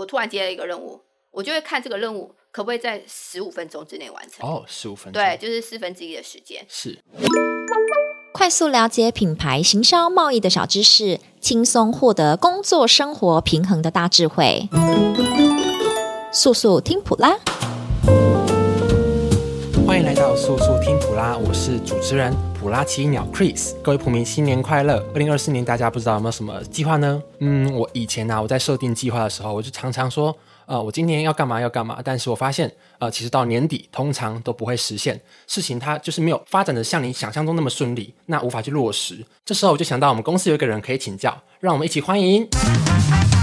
我突然接了一個任務，我就會看這個任務可不可以在十五分鐘之內完成。哦，十五分鐘。對，就是四分之一的時間。是。快速了解品牌行銷貿易的小知識，輕鬆獲得工作生活平衡的大智慧。素素聽普拉，歡迎來到素素聽普拉，我是主持人。普拉奇鳥 Chris，各位普民新年快樂！二零二四年大家不知道有沒有什麼計劃呢？嗯，我以前啊，我在設定計劃的時候，我就常常說，呃，我今年要幹嘛要幹嘛，但是我發現，呃，其實到年底通常都不會實現，事情它就是沒有發展得像你想象中那麼順利，那無法去落實。這時候我就想到我們公司有一個人可以請教，讓我們一起歡迎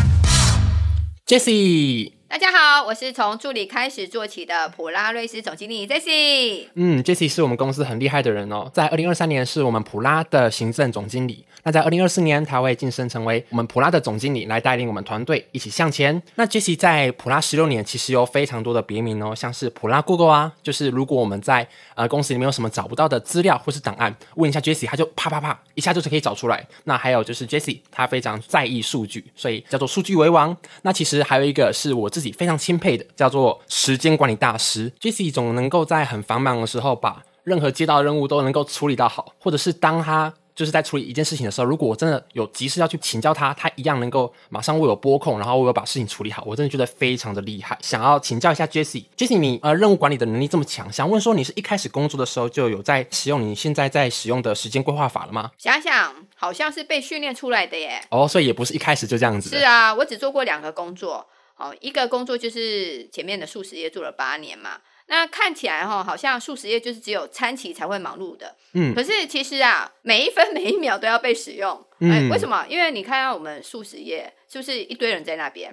，Jessie。大家好，我是從助理開始做起的普拉瑞士總經理 Jessie。嗯，Jessie 是我們公司很厲害的人哦，在二零二三年是我們普拉的行政總經理。那在二零二四年，他會晉升成為我們普拉的總經理，來帶領我們團隊一起向前。那 Jessie 在普拉十六年，其實有非常多的別名哦，像是普拉 Google 啊，就是如果我們在呃公司裡面有什麼找不到的資料或是檔案，問一下 Jessie，他就啪啪啪一下就是可以找出來。那還有就是 Jessie，他非常在意數據，所以叫做數據為王。那其實還有一個是我。自己非常欽佩的，叫做時間管理大師 Jessie，總能夠在很繁忙的時候，把任何接到的任務都能夠處理到好。或者是當他就是在處理一件事情的時候，如果我真的有急事要去請教他，他一樣能夠馬上為我撥控，然後為我把事情處理好。我真的覺得非常的厲害，想要請教一下 Jessie。Jessie，你呃任務管理的能力這麼強，想問說你是一開始工作的時候就有在使用你現在在使用的時間規劃法了嗎？想想好像是被訓練出來的耶。哦，所以也不是一開始就這樣子。是啊，我只做過兩個工作。哦，一個工作就是前面的速食業做了八年嘛，那看起來哈、哦，好像速食業就是只有餐期才會忙碌的，嗯，可是其實啊，每一分每一秒都要被使用，嗯、欸，為什麼？因為你看到我們速食業是不是一堆人在那邊？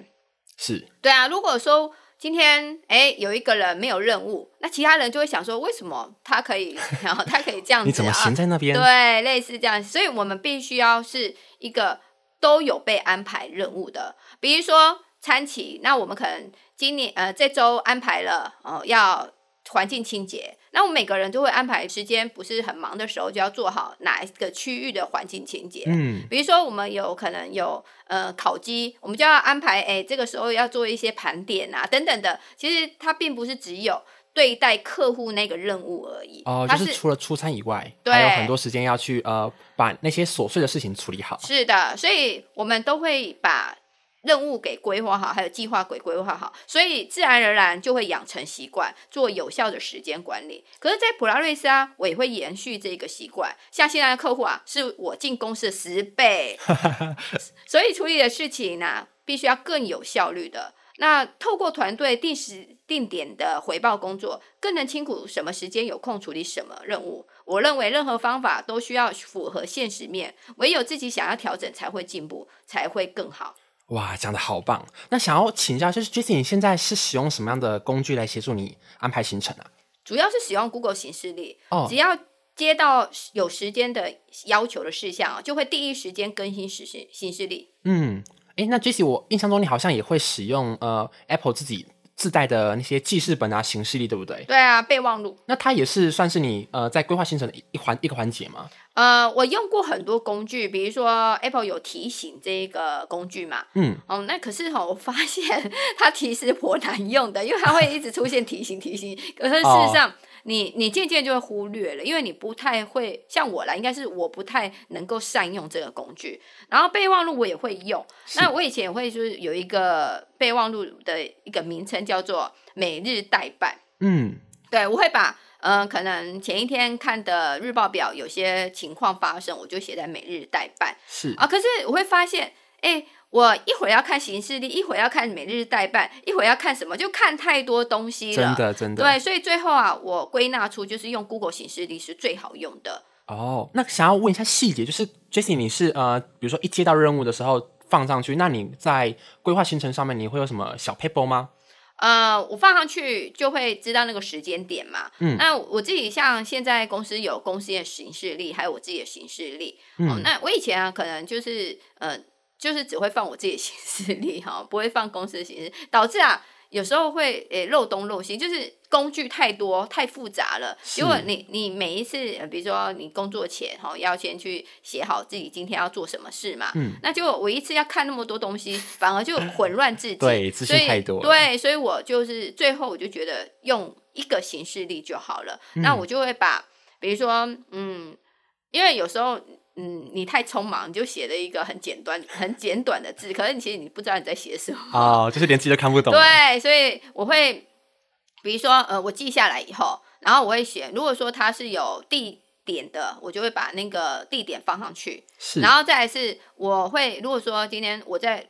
是對啊。如果說今天哎、欸、有一個人沒有任務，那其他人就會想說，為什麼他可以， 然後他可以這樣子，你怎麼閒在那邊？啊、對，類似這樣子，所以我們必須要是一個都有被安排任務的，比如說。餐期，那我們可能今年呃這周安排了哦、呃，要環境清潔。那我們每個人都會安排時間不是很忙的時候，就要做好哪一個區域的環境清潔。嗯，比如說我們有可能有呃烤雞，我們就要安排哎、欸，這個時候要做一些盤點啊等等的。其實它並不是只有對待客戶那個任務而已哦，呃、是就是除了出餐以外，對還有很多時間要去呃把那些瑣碎的事情處理好。是的，所以我們都會把。任務給規劃好，還有計劃給規劃好，所以自然而然就會養成習慣，做有效的時間管理。可是，在普拉瑞斯啊，我也會延續這個習慣。像現在的客戶啊，是我進公司的十倍， 所以處理的事情呢、啊，必須要更有效率的。那透過團隊定時定點的回報工作，更能清楚什麼時間有空處理什麼任務。我認為任何方法都需要符合現實面，唯有自己想要調整才會進步，才會更好。哇，講得好棒！那想要請教，就是 Jessie，你現在是使用什麼樣的工具來協助你安排行程啊？主要是使用 Google 行事曆，哦、只要接到有時間的要求的事項，就會第一時間更新行事行事曆。嗯，哎、欸，那 Jessie，我印象中你好像也會使用呃 Apple 自己。自帶的那些記事本啊、行事曆對不對？對啊，備忘錄。那它也是算是你呃在規劃行程的一環一環一個環節嗎？呃，我用過很多工具，比如說 Apple 有提醒這個工具嘛？嗯，哦，那可是哈、哦，我發現它提示頗難用的，因為它會一直出現提醒提醒， 可是事實上。哦你你漸漸就會忽略了，因為你不太會像我啦，應該是我不太能夠善用這個工具。然後備忘錄我也會用，是那我以前也會就是有一個備忘錄的一個名稱叫做每日待辦。嗯，對，我會把嗯、呃，可能前一天看的日報表，有些情況發生，我就寫在每日待辦。是啊，可是我會發現。哎、欸，我一會兒要看行事曆，一會兒要看每日待辦，一會兒要看什麼，就看太多東西了。真的，真的。對，所以最後啊，我歸納出就是用 Google 行事曆是最好用的。哦，oh, 那想要問一下細節，就是 Jessie，你是呃，比如說一接到任務的時候放上去，那你在規劃行程上面你會有什麼小撇步嗎？呃，我放上去就會知道那個時間點嘛。嗯，那我自己像現在公司有公司的行事曆，還有我自己的行事曆。嗯、哦，那我以前啊，可能就是呃。就是只會放我自己的行事曆哈，不會放公司的行事，導致啊，有時候會誒、欸、漏東漏西，就是工具太多太複雜了。是如果你你每一次，比如說你工作前哈，要先去寫好自己今天要做什麼事嘛，嗯、那就我一次要看那麼多東西，反而就混亂自己。 對，資訊太多。對，所以我就是最後我就覺得用一個行事曆就好了。嗯、那我就會把，比如說，嗯，因為有時候。嗯，你太匆忙，你就寫了一個很簡短、很簡短的字，可是你其實你不知道你在寫什麼。哦，oh, 就是連字都看不懂。對，所以我會，比如說，呃，我記下來以後，然後我會寫。如果說它是有地點的，我就會把那個地點放上去。是。然後再來是，我會如果說今天我在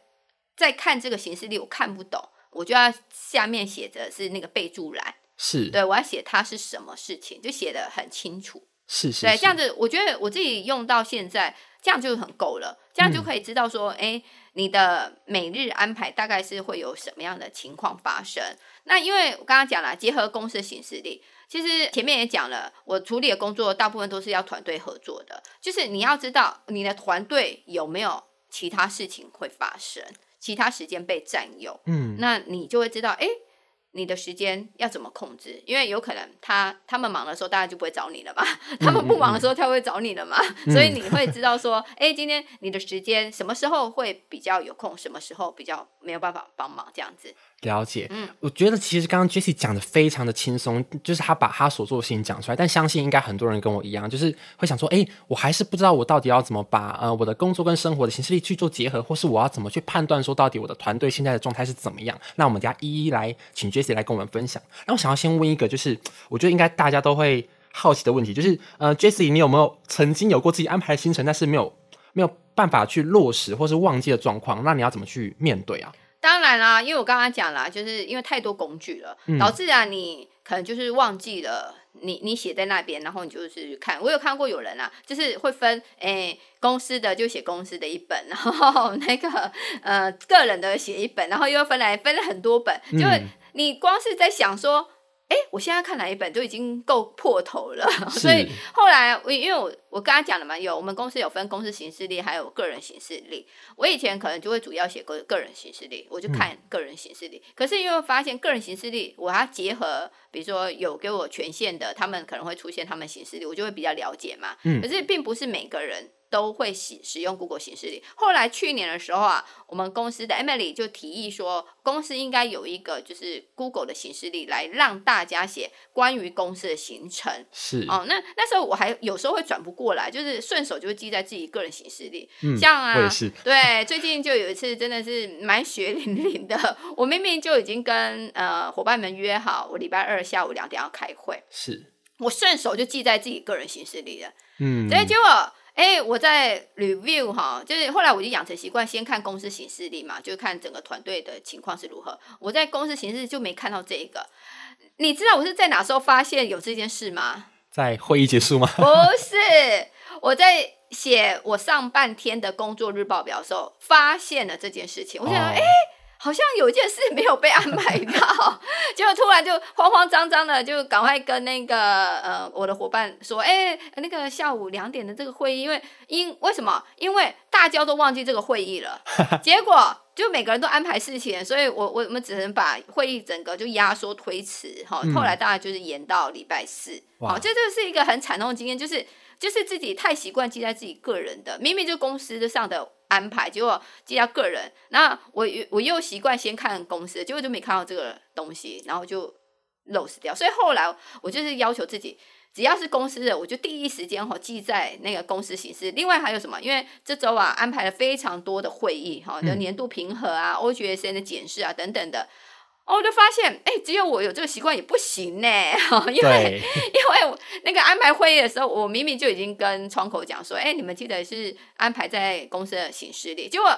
在看這個行事曆我看不懂，我就要下面寫着是那個備註欄。是。對，我要寫它是什麼事情，就寫的很清楚。是是，是對，對，這樣子，我覺得我自己用到現在，這樣就很夠了。這樣就可以知道說，誒、嗯、欸，你的每日安排大概是會有什麼樣的情況發生。那因為我剛剛講了，結合公司行事曆，其實前面也講了，我處理的工作大部分都是要團隊合作的，就是你要知道你的團隊有沒有其他事情會發生，其他時間被占用，嗯，那你就會知道，誒、欸。你的時間要怎麼控制？因為有可能他他們忙的時候，大家就不會找你了嘛；他們不忙的時候，他會找你了嘛。嗯嗯嗯，所以你會知道說，哎、 欸，今天你的時間什麼時候會比較有空，什麼時候比較沒有辦法幫忙這樣子。了解，嗯，我覺得其實剛剛 Jessie 講的非常的輕鬆，就是她把她所做的事情講出來。但相信應該很多人跟我一樣，就是會想說，哎，我還是不知道我到底要怎麼把呃我的工作跟生活的行事曆去做結合，或是我要怎麼去判斷說到底我的團隊現在的狀態是怎麼樣？那我們等一下一一來請 Jessie 來跟我們分享。那我想要先問一個，就是我覺得應該大家都會好奇的問題，就是呃，Jessie，你有沒有曾經有過自己安排的行程，但是沒有沒有辦法去落實，或是忘記的狀況？那你要怎麼去面對啊？當然啦、啊，因為我剛剛講啦，就是因為太多工具了，嗯、導致啊你可能就是忘記了你，你你寫在那邊，然後你就是看。我有看過有人啊，就是會分，欸、公司的就寫公司的一本，然後那個呃個人的寫一本，然後又分來分了很多本，嗯、就是你光是在想說。哎，我現在看哪一本都已經夠破頭了，是所以後來我因為我我剛剛講了嘛，有我們公司有分公司行事曆，還有個人行事曆。我以前可能就會主要寫個個人行事曆，我就看個人行事曆。嗯、可是因為發現個人行事曆，我要結合，比如說有給我權限的，他們可能會出現他們行事曆，我就會比較了解嘛。嗯、可是並不是每個人。都會使使用 Google 行事曆。後來去年的時候啊，我們公司的 Emily 就提議說，公司應該有一個就是 Google 的行事曆來讓大家寫關於公司的行程。是哦，那那時候我還有時候會轉不過來，就是順手就記在自己個人行事曆。嗯，像啊，是對。最近就有一次真的是蠻血淋淋的， 我明明就已經跟呃夥伴們約好，我禮拜二下午兩點要開會。是，我順手就記在自己個人行事曆了。嗯，所以結果。哎、欸，我在 review 哈，就是後來我就養成習慣，先看公司行事曆嘛，就看整個團隊的情況是如何。我在公司行事曆就沒看到這個，你知道我是在哪時候發現有這件事嗎？在會議結束嗎？不是，我在寫我上半天的工作日報表的時候，發現了這件事情。哦、我想說，哎、欸。好像有一件事沒有被安排到，結果 突然就慌慌張張的，就趕快跟那個呃我的夥伴說，哎、欸，那個下午兩點的這個會議，因為因為什麼？因為大家都忘記這個會議了，結果就每個人都安排事情，所以我我，我們只能把會議整個就壓縮推遲哈。後來大概就是延到禮拜四，嗯、好，就這就是一個很慘痛的經驗，就是就是自己太習慣記在自己個人的，明明就公司的上的，安排結果寄到個人，那我我，又習慣先看公司，結果就沒看到這個東西，然後就 lose 掉。所以後來我就是要求自己，只要是公司的，我就第一時間哈記在那個公司形式。另外還有什麼？因為這周啊，安排了非常多的會議，哈，的年度評核啊、OGSN、嗯、的檢視啊等等的。哦，oh, 我就發現，哎、欸，只有我有這個習慣也不行呢，因為對 因為我那個安排會議的時候，我明明就已經跟窗口講說，哎、欸，你們記得是安排在公司的行事曆裡，結果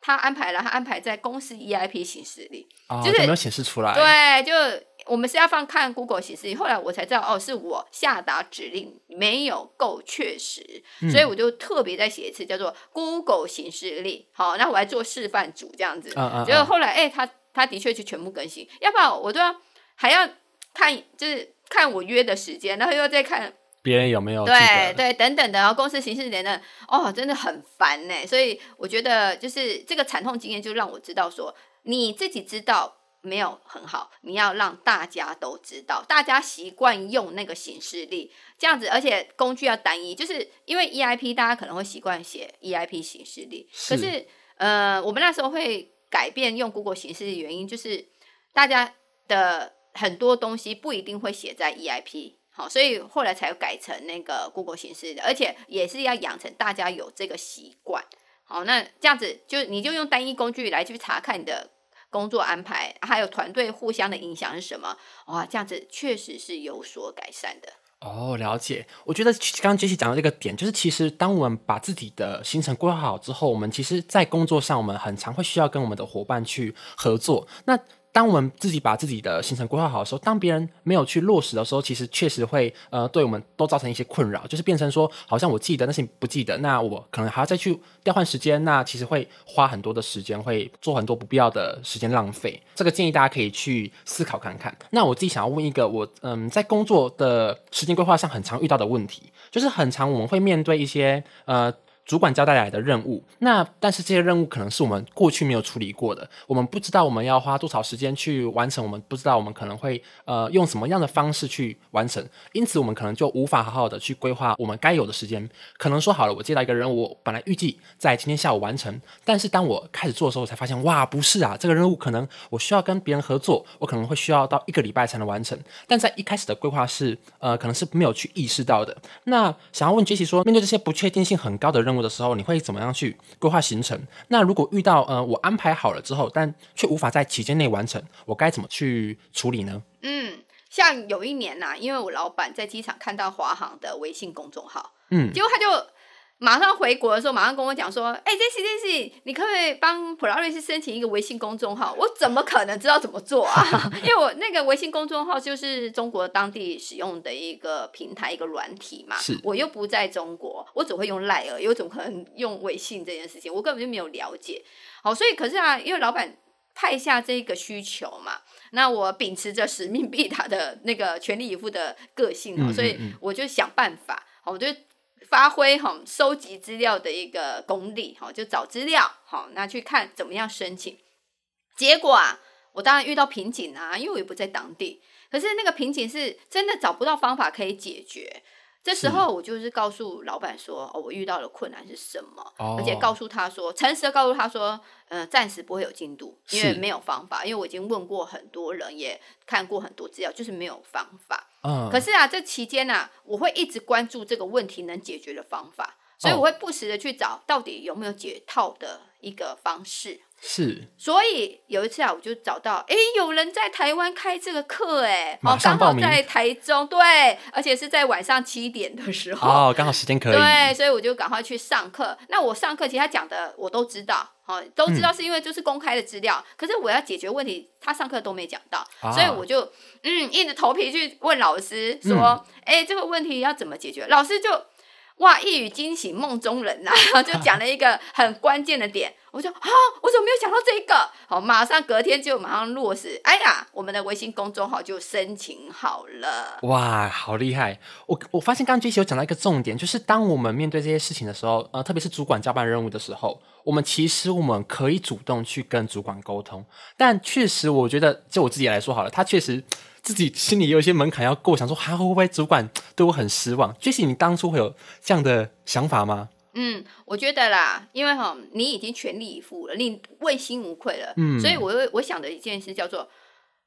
他安排了，他安排在公司 EIP 行事曆裡，哦、就是沒有顯示出來。對，就我們是要放看 Google 行事曆，後來我才知道，哦，是我下達指令沒有夠確實，嗯、所以我就特別再寫一次叫做 Google 行事曆裡。好，然後我還做示範組這樣子，嗯嗯嗯結果後來，哎、欸，他。他的確就全部更新，要不然我就要還要看，就是看我約的時間，然後又再看別人有沒有對對等等的，然後公司行事曆的哦，真的很煩呢。所以我覺得，就是這個慘痛經驗，就讓我知道說，你自己知道沒有很好，你要讓大家都知道，大家習慣用那個行事曆這樣子，而且工具要單一，就是因為 EIP 大家可能會習慣寫 EIP 行事曆，是可是呃，我們那時候會。改變用 Google 形式的原因，就是大家的很多東西不一定會寫在 EIP 好，所以後來才改成那個 Google 形式的，而且也是要養成大家有這個習慣，好，那這樣子就你就用單一工具來去查看你的工作安排，還有團隊互相的影響是什麼？哇，這樣子確實是有所改善的。哦，了解。我覺得剛剛傑西講到這個點，就是其實當我們把自己的行程規劃好之後，我們其實，在工作上我們很常會需要跟我們的夥伴去合作。那當我們自己把自己的行程規劃好的時候，當別人沒有去落實的時候，其實確實會呃對我們都造成一些困擾，就是變成說好像我記得，但是你不記得，那我可能還要再去調換時間，那其實會花很多的時間，會做很多不必要的時間浪費。這個建議大家可以去思考看看。那我自己想要問一個我嗯、呃、在工作的時間規劃上很常遇到的問題，就是很常我們會面對一些呃。主管交代來的任務，那但是這些任務可能是我們過去沒有處理過的，我們不知道我們要花多少時間去完成，我們不知道我們可能會呃用什麼樣的方式去完成，因此我們可能就無法好好的去規劃我們該有的時間。可能說好了，我接到一個任務，我本來預計在今天下午完成，但是當我開始做的時候，我才發現哇不是啊，這個任務可能我需要跟別人合作，我可能會需要到一個禮拜才能完成，但在一開始的規劃是呃可能是沒有去意識到的。那想要問 Jessie 說，面對這些不確定性很高的任務。的時候，你會怎麼樣去規劃行程？那如果遇到呃我安排好了之後，但卻無法在期間內完成，我該怎麼去處理呢？嗯，像有一年吶、啊，因為我老闆在機場看到華航的微信公眾號，嗯，結果他就。馬上回國的時候，馬上跟我講說：“哎、欸，Jessie，Jessie，你可不可以幫普拉瑞斯申請一個微信公眾號？我怎麼可能知道怎麼做啊？ 因為我那個微信公眾號就是中國當地使用的一個平台，一個軟體嘛。是我又不在中國，我只會用 LINE 又怎麼可能用微信這件事情？我根本就沒有了解。好，所以可是啊，因為老闆派下這個需求嘛，那我秉持着使命必達的那個全力以赴的個性哦、喔。嗯嗯嗯，所以我就想辦法，好，我就。”發揮哈收集資料的一個功力哈，就找資料哈，那去看怎麼樣申請。結果啊，我當然遇到瓶頸啊，因為我也不在當地。可是那個瓶頸是真的找不到方法可以解決。這時候，我就是告訴老闆說：“是哦，我遇到的困難是什麼？哦、而且告訴他說，誠實的告訴他說，嗯、呃，暫時不會有進度，因為沒有方法。是因為我已經問過很多人，也看過很多資料，就是沒有方法。嗯、可是啊，這期間呢、啊，我會一直關注這個問題能解決的方法，所以我會不時的去找到底有沒有解套的一個方式。哦”是，所以有一次啊，我就找到，哎、欸，有人在台灣開這個課、欸，哎，哦，剛好在台中，對，而且是在晚上七點的時候，哦，剛好時間可以，對，所以我就趕快去上課。那我上課，其他講的我都知道，好，都知道是因為就是公開的資料。嗯、可是我要解決問題，他上課都沒講到，哦、所以我就嗯硬着頭皮去問老師說，哎、嗯欸，這個問題要怎麼解決？老師就。哇！一語驚醒夢中人吶、啊，然後就講了一個很關鍵的點。啊、我說啊，我怎麼沒有想到這一個？好，馬上隔天就馬上落實。哎呀，我們的微信公眾號就申請好了。哇，好厲害！我我發現剛剛 Jessie 有講到一個重點，就是當我們面對這些事情的時候，呃，特別是主管交辦任務的時候，我們其實我們可以主動去跟主管溝通。但確實，我覺得就我自己來說好了，他確實。自己心裡有一些門檻要過，想說還會不會主管對我很失望？就是你當初會有這樣的想法嗎？嗯，我覺得啦，因為哈，你已經全力以赴了，你問心無愧了，嗯，所以我我想的一件事叫做。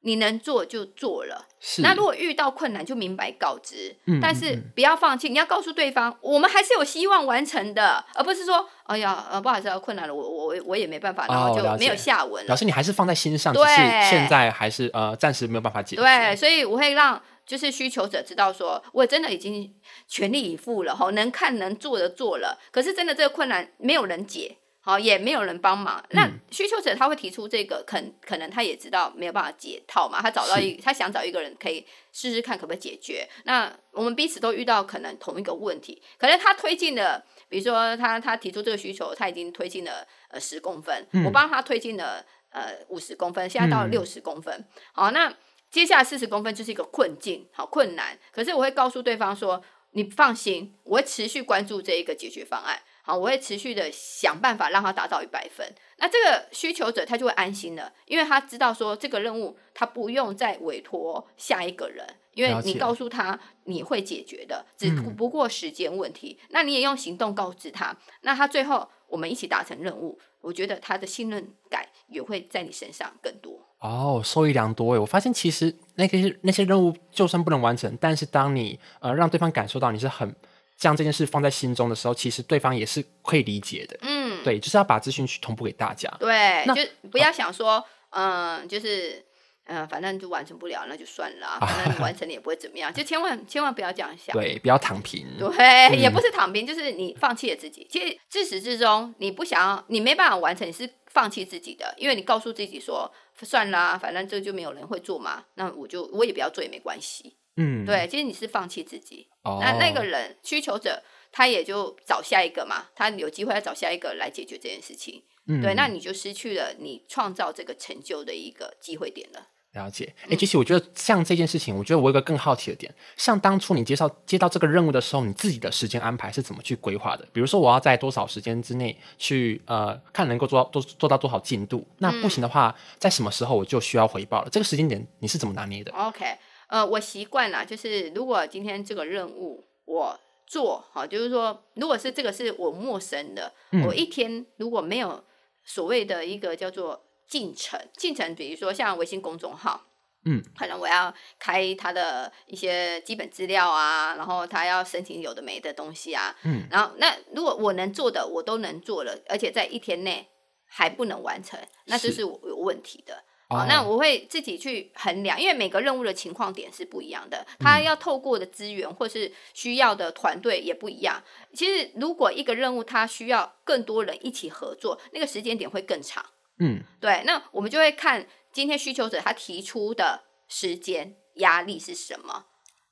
你能做就做了，是那如果遇到困難就明白告知，嗯、但是不要放棄。嗯、你要告訴對方，嗯、我們還是有希望完成的，而不是說，哎呀，呃、啊，不好意思、啊，困難了，我我我也沒辦法，然後就沒有下文了。老師、哦、你還是放在心上，對只是現在還是呃暫時沒有辦法解決。對，所以我會讓就是需求者知道說，說我真的已經全力以赴了哈，能看能做的做了，可是真的這個困難沒有人解。好，也沒有人幫忙。嗯、那需求者他會提出這個，可可能他也知道沒有辦法解套嘛？他找到一，是他想找一個人可以試試看，可不可以解決？那我們彼此都遇到可能同一個問題，可能他推進了，比如說他他提出這個需求，他已經推進了呃十公分，嗯、我幫他推進了呃五十公分，現在到六十公分。嗯、好，那接下來四十公分就是一個困境，好困難。可是我會告訴對方說，你放心，我會持續關注這一個解決方案。我會持續的想辦法讓他達到一百分。那這個需求者他就會安心了，因為他知道說這個任務他不用再委託下一個人，因為你告訴他你會解決的，了解了。只不過時間問題。嗯、那你也用行動告知他，那他最後我們一起達成任務，我覺得他的信任感也會在你身上更多。哦，受益良多誒！我發現其實那個那些任務就算不能完成，但是當你呃讓對方感受到你是很。將這，這件事放在心中的時候，其實對方也是可以理解的。嗯，對，就是要把資訊去同步給大家。對，那就不要想說，啊、嗯，就是，嗯、呃，反正就完成不了，那就算了，反正你完成了也不會怎麼樣。 就千萬千萬不要這樣想。對，不要躺平。對，嗯、也不是躺平，就是你放棄了自己。其實自始至終，你不想要，你沒辦法完成，你是放棄自己的，因為你告訴自己說，算了，反正這就沒有人會做嘛，那我就我也不要做也沒關係。嗯，對，其實你是放棄自己，哦、那那個人需求者他也就找下一個嘛，他有機會要找下一個來解決這件事情，嗯、對，那你就失去了你創造這個成就的一個機會點了。了解，哎、欸，其實、嗯、我覺得像這件事情，我覺得我有一個更好奇的點，像當初你介紹接到這個任務的時候，你自己的時間安排是怎麼去規劃的？比如說我要在多少時間之內去呃看能夠做到多做到多少進度？那不行的話，嗯、在什麼時候我就需要回報了？這個時間點你是怎麼拿捏的、哦、？OK。呃，我習慣了，就是如果今天這個任務我做，好，就是說，如果是這個是我陌生的，嗯、我一天如果沒有所謂的一個叫做進程，進程，比如說像微信公眾號，嗯，可能我要開他的一些基本資料啊，然後他要申請有的沒的東西啊，嗯，然後那如果我能做的我都能做了，而且在一天內還不能完成，那就是我有問題的。好、哦，那我會自己去衡量，因為每個任務的情況點是不一樣的，他要透過的資源，或是需要的團隊也不一樣。其實，如果一個任務他需要更多人一起合作，那個時間點會更長。嗯，對。那我們就會看今天需求者他提出的時間壓力是什麼？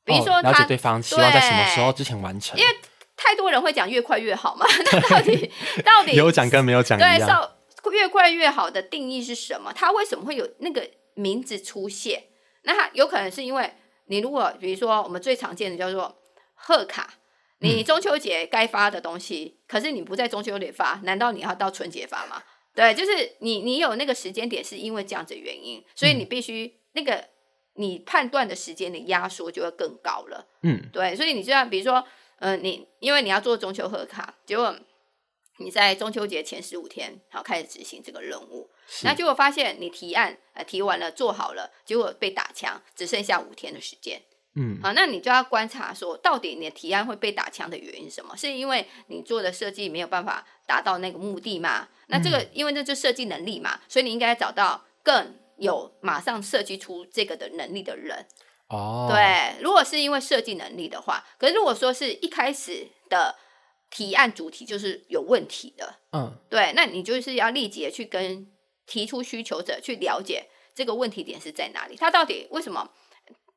比如說他、哦、了解、對方需要對在什麼時候之前完成，因為太多人會講越快越好嘛，那到底 到底有講跟沒有講一樣，對。越快越好的定義是什麼？它為什麼會有那個名字出現？那它有可能是因為你如果比如說我們最常見的叫做賀卡，你中秋節該發的東西，嗯、可是你不在中秋節發，難道你要到春節發嗎？對，就是你你有那個時間點，是因為這樣子的原因，所以你必須那個你判斷的時間的壓縮就會更高了。嗯，對，所以你就像比如說，嗯、呃，你因為你要做中秋賀卡，結果。你在中秋節前十五天，好開始執行這個任務，是那結果發現你提案呃提完了做好了，結果被打槍，只剩下五天的時間。嗯，好、啊，那你就要觀察說，到底你的提案會被打槍的原因是什麼？是因為你做的設計沒有辦法達到那個目的嗎？那這個、嗯、因為這就設計能力嘛，所以你應該找到更有馬上設計出這個的能力的人。哦，對，如果是因為設計能力的話，可是如果說是一開始的。提案主題就是有問題的，嗯，對，那你就是要立即的去跟提出需求者去了解這個問題點是在哪裡？他到底為什麼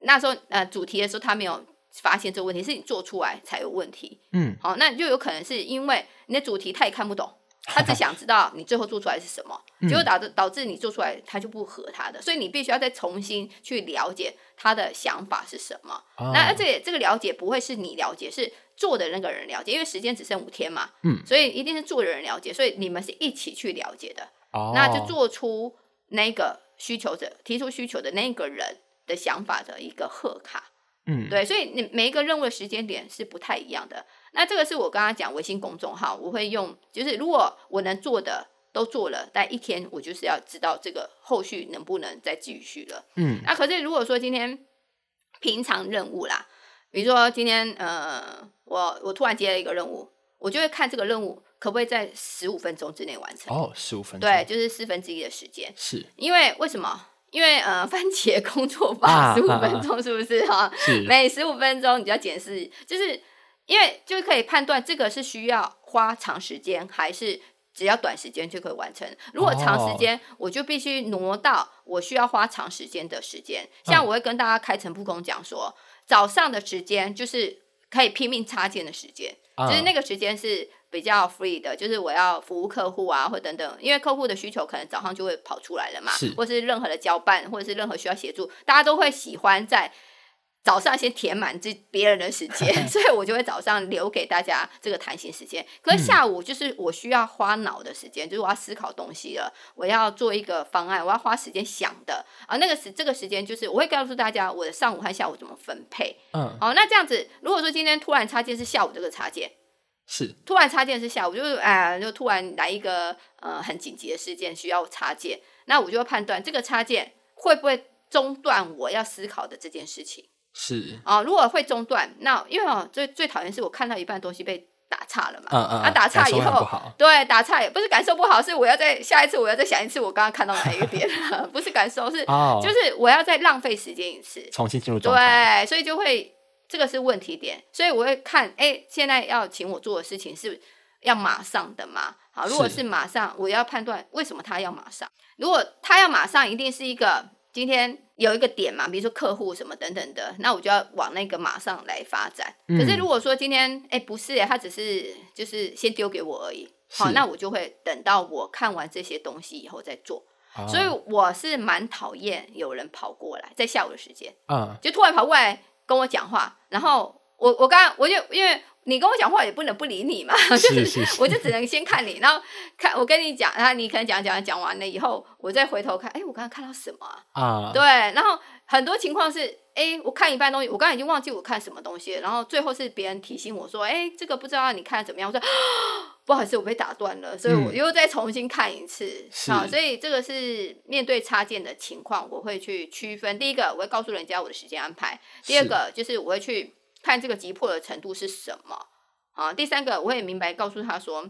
那時候呃主題的時候他沒有發現這個問題，是你做出來才有問題，嗯，好、哦，那就有可能是因為你的主題他也看不懂，他只想知道你最後做出來是什麼，呵呵結果導致導致你做出來他就不合他的，嗯、所以你必須要再重新去了解他的想法是什麼，嗯、那而且這個了解不會是你了解是。做的那個人了解，因為時間只剩五天嘛，嗯，所以一定是做的人了解，所以你們是一起去了解的，哦，那就做出那個需求者提出需求的那個人的想法的一個賀卡，嗯，對，所以你每一個任務的時間點是不太一樣的。那這個是我剛剛講微信公眾號，我會用，就是如果我能做的都做了，但一天我就是要知道這個後續能不能再繼續了，嗯，那可是如果說今天平常任務啦。比如說今天，呃，我我突然接了一個任務，我就會看這個任務可不可以在十五分鐘之內完成。哦，十五分鐘，對，就是四分之一的時間。是，因為為什麼？因為呃，番茄工作法十五分鐘是不是哈？啊啊、每十五分鐘你就要檢視，是就是因為就可以判斷這個是需要花長時間還是只要短時間就可以完成。如果長時間，我就必須挪到我需要花長時間的時間。哦、像我會跟大家開誠布公講說。早上的時間就是可以拼命插件的時間，uh. 就是那個時間是比較 free 的，就是我要服務客戶啊，或等等，因為客戶的需求可能早上就會跑出來了嘛，是。或是任何的交辦，或者是任何需要協助，大家都會喜歡在。早上先填滿這別人的時間， 所以我就會早上留給大家這個彈性時間。可是下午就是我需要花腦的時間，嗯、就是我要思考東西了，我要做一個方案，我要花時間想的。啊，那個時這個時間就是我會告訴大家我的上午和下午怎麼分配。嗯。哦、啊，那這樣子，如果說今天突然插件是下午這個插件，是突然插件是下午，就是啊、呃，就突然來一個呃很緊急的事件需要插件，那我就會判斷這個插件會不會中斷我要思考的這件事情。是啊，哦，如果會中斷，那因為哦，最最討厭是我看到一半東西被打岔了嘛。嗯嗯。嗯嗯啊，打岔以後，對，打岔也不是感受不好，是我要再下一次，我要再想一次我剛剛看到哪一個點， 不是感受，是就是我要再浪費時間一次。重新進入狀態。對，所以就會這個是問題點，所以我會看，哎，現在要請我做的事情是要馬上的嗎？好，如果是馬上，是我要判斷為什麼他要馬上。如果他要馬上，一定是一個。今天有一個點嘛，比如說客戶什麼等等的，那我就要往那個馬上來發展。嗯、可是如果說今天哎、欸、不是、欸，他只是就是先丟給我而已，是好，那我就會等到我看完這些東西以後再做。啊、所以我是蠻討厭有人跑過來在下午的時間、啊、就突然跑過來跟我講話，然後我我剛我就因為。你跟我講話也不能不理你嘛，是是是 就是我就只能先看你，然後看我跟你講，然後你可能講講講完了以後，我再回頭看，哎、欸，我剛剛看到什麼啊？嗯、對，然後很多情況是，哎、欸，我看一半東西，我剛剛已經忘記我看什麼東西了，然後最後是別人提醒我說，哎、欸，這個不知道你看怎麼樣？我說、啊、不好意思，我被打斷了，所以我又再重新看一次。嗯、好，所以這個是面對插件的情況，我會去區分。第一個，我會告訴人家我的時間安排；第二個，是就是我會去。看這個急迫的程度是什麼啊？第三個，我也明白，告訴他說，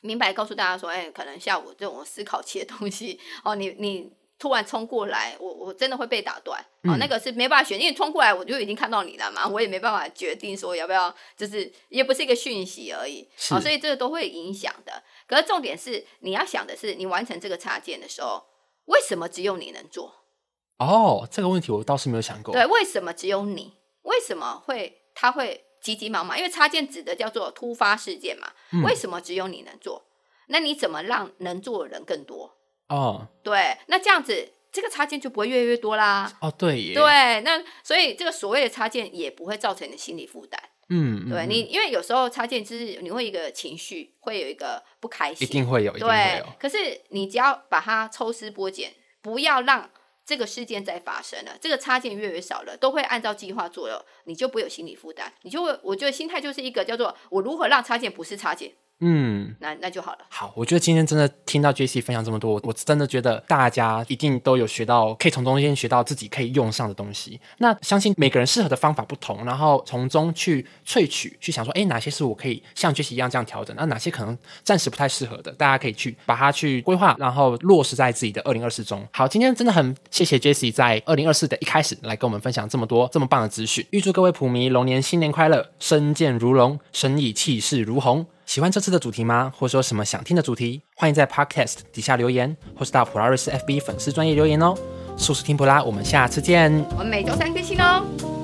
明白告訴大家說，哎、欸，可能下午這種思考期的東西，哦、啊，你你突然衝過來，我我真的會被打斷啊。嗯、那個是沒辦法選，因為衝過來我就已經看到你了嘛，我也沒辦法決定說要不要，就是也不是一個訊息而已好是、啊，所以這個都會影響的。可是重點是，你要想的是，你完成這個插件的時候，為什麼只有你能做？哦，這個問題我倒是沒有想過。對，為什麼只有你？為什麼會他會急急忙忙？因為插件，指的叫做突發事件嘛。嗯，為什麼只有你能做？那你怎麼讓能做的人更多？哦，對，那這樣子這個插件就不會越來越多啦。哦，對耶，對，那所以這個所謂的插件也不會造成你的心理負擔。嗯，對你，因為有時候插件就是你會有一個情緒，會有一個不開心，一定會有，對一定會有。可是你只要把它抽絲剝繭，不要讓。這個事件在發生了，這個插件越來越少了，都會按照計劃做了，你就不會有心理負擔，你就會，我覺得心態就是一個叫做我如何讓插件不是插件。嗯，那那就好了。好，我覺得今天真的聽到 Jessie 分享這麼多，我真的覺得大家一定都有學到，可以從中間學到自己可以用上的東西。那相信每個人適合的方法不同，然後從中去萃取，去想說，哎，哪些是我可以像 Jessie 一樣這樣調整？那、啊、哪些可能暫時不太適合的，大家可以去把它去規劃，然後落實在自己的二零二四中。好，今天真的很謝謝 Jessie 在二零二四的一開始來跟我們分享這麼多這麼棒的資訊。預祝各位普迷龍年新年快樂，身健如龍，生意氣勢如虹。喜歡這次的主題嗎？或者說什麼想聽的主題？歡迎在 Podcast 底下留言，或是到普拉瑞斯 FB 粉絲專頁留言哦。收聽普拉，我們下次見。我們每周三更新哦。